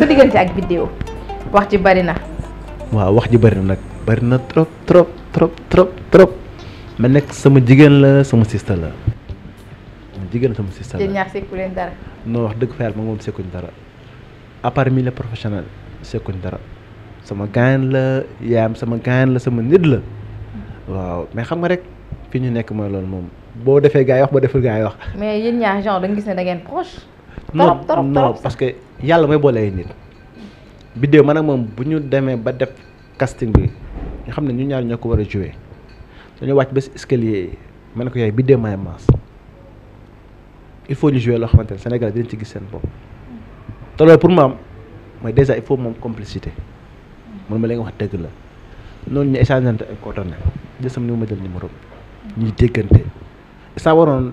sa diggante ak Bidew wax ji bari na. waaw wax ji bari na nag bari na trop trop trop trop trop ma nekk sama jigéen la sama sista la sama jigéen la sama sista la. ñaar sekku leen dara. wax dëgg fa yàlla moom sekkuñ dara à part milieu professionnel sekkuñ dara sama gaañ la yaayam sama gaañ la sama nit la waaw mais xam nga rek fi ñu nekk mooy loolu moom boo defee gaa yi wax boo deful gaa yi wax. mais yéen ñaar genre da gis ne da ngeen proche. non non parce que yàlla mooy boole ay nit. biddéew man na moom bu ñu demee ba def casting bi ñu xam ne ñu ñaar ñoo ko war a joué dañoo wàcc ba si escalier yi ma ne ko yaay biddéew maay maas il faut ñu joué loo xamante ne Sénégal dinañ ci gis seen bopp. te pour maam mooy déjà il faut moom complicité man ma leen wax dëgg la noonu ñu échangeante ay coordonnées jël sama numéro ma jël numéro ñuy déggante saa waroon.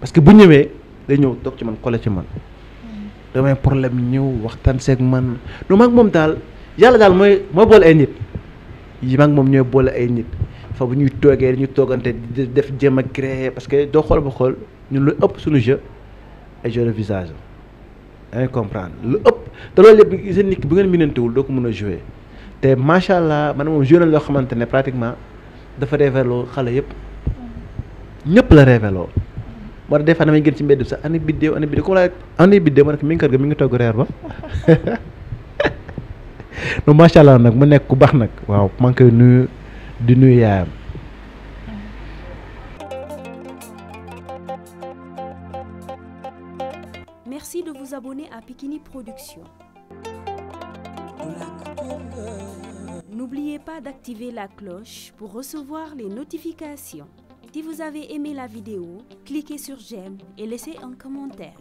parce que bu ñëwee day ñëw toog ci man collé ci man mm. damay problème ñëw waxtaan seek man lu mag moom daal yàlla daal mooy mooy boole ay nit yi maag moom ñooy boole ay nit fa bu ñuy toogee dañuy toogante def jéem a créer parce que doo xool ba xool ñun lu ëpp suñu jeu ay jeu de visage dangay comprendre lu ëpp te loolu yëpp seen nit bu ngeen minantewul doo ko mën a jouer te macha allah man moom joué na loo xamante ne pratiquement dafa révélo xale yëpp mm. ñëpp la révélo moo defa des fois gën ci mbéddu bi sax ana biddéew ana biddéew comme laa ana biddéew ma ne ko mi ngi ga mi ngi togg reer ba non macha allah nag mu nekk ku bax nak waaw man ngi koy nuyu di nuyu yaayam. Merci de vous abonner à Pikini Production. N'oubliez pas d'activer la cloche pour recevoir les notifications. Si vous avez aimé la vidéo, cliquez sur j'aime et laissez un commentaire.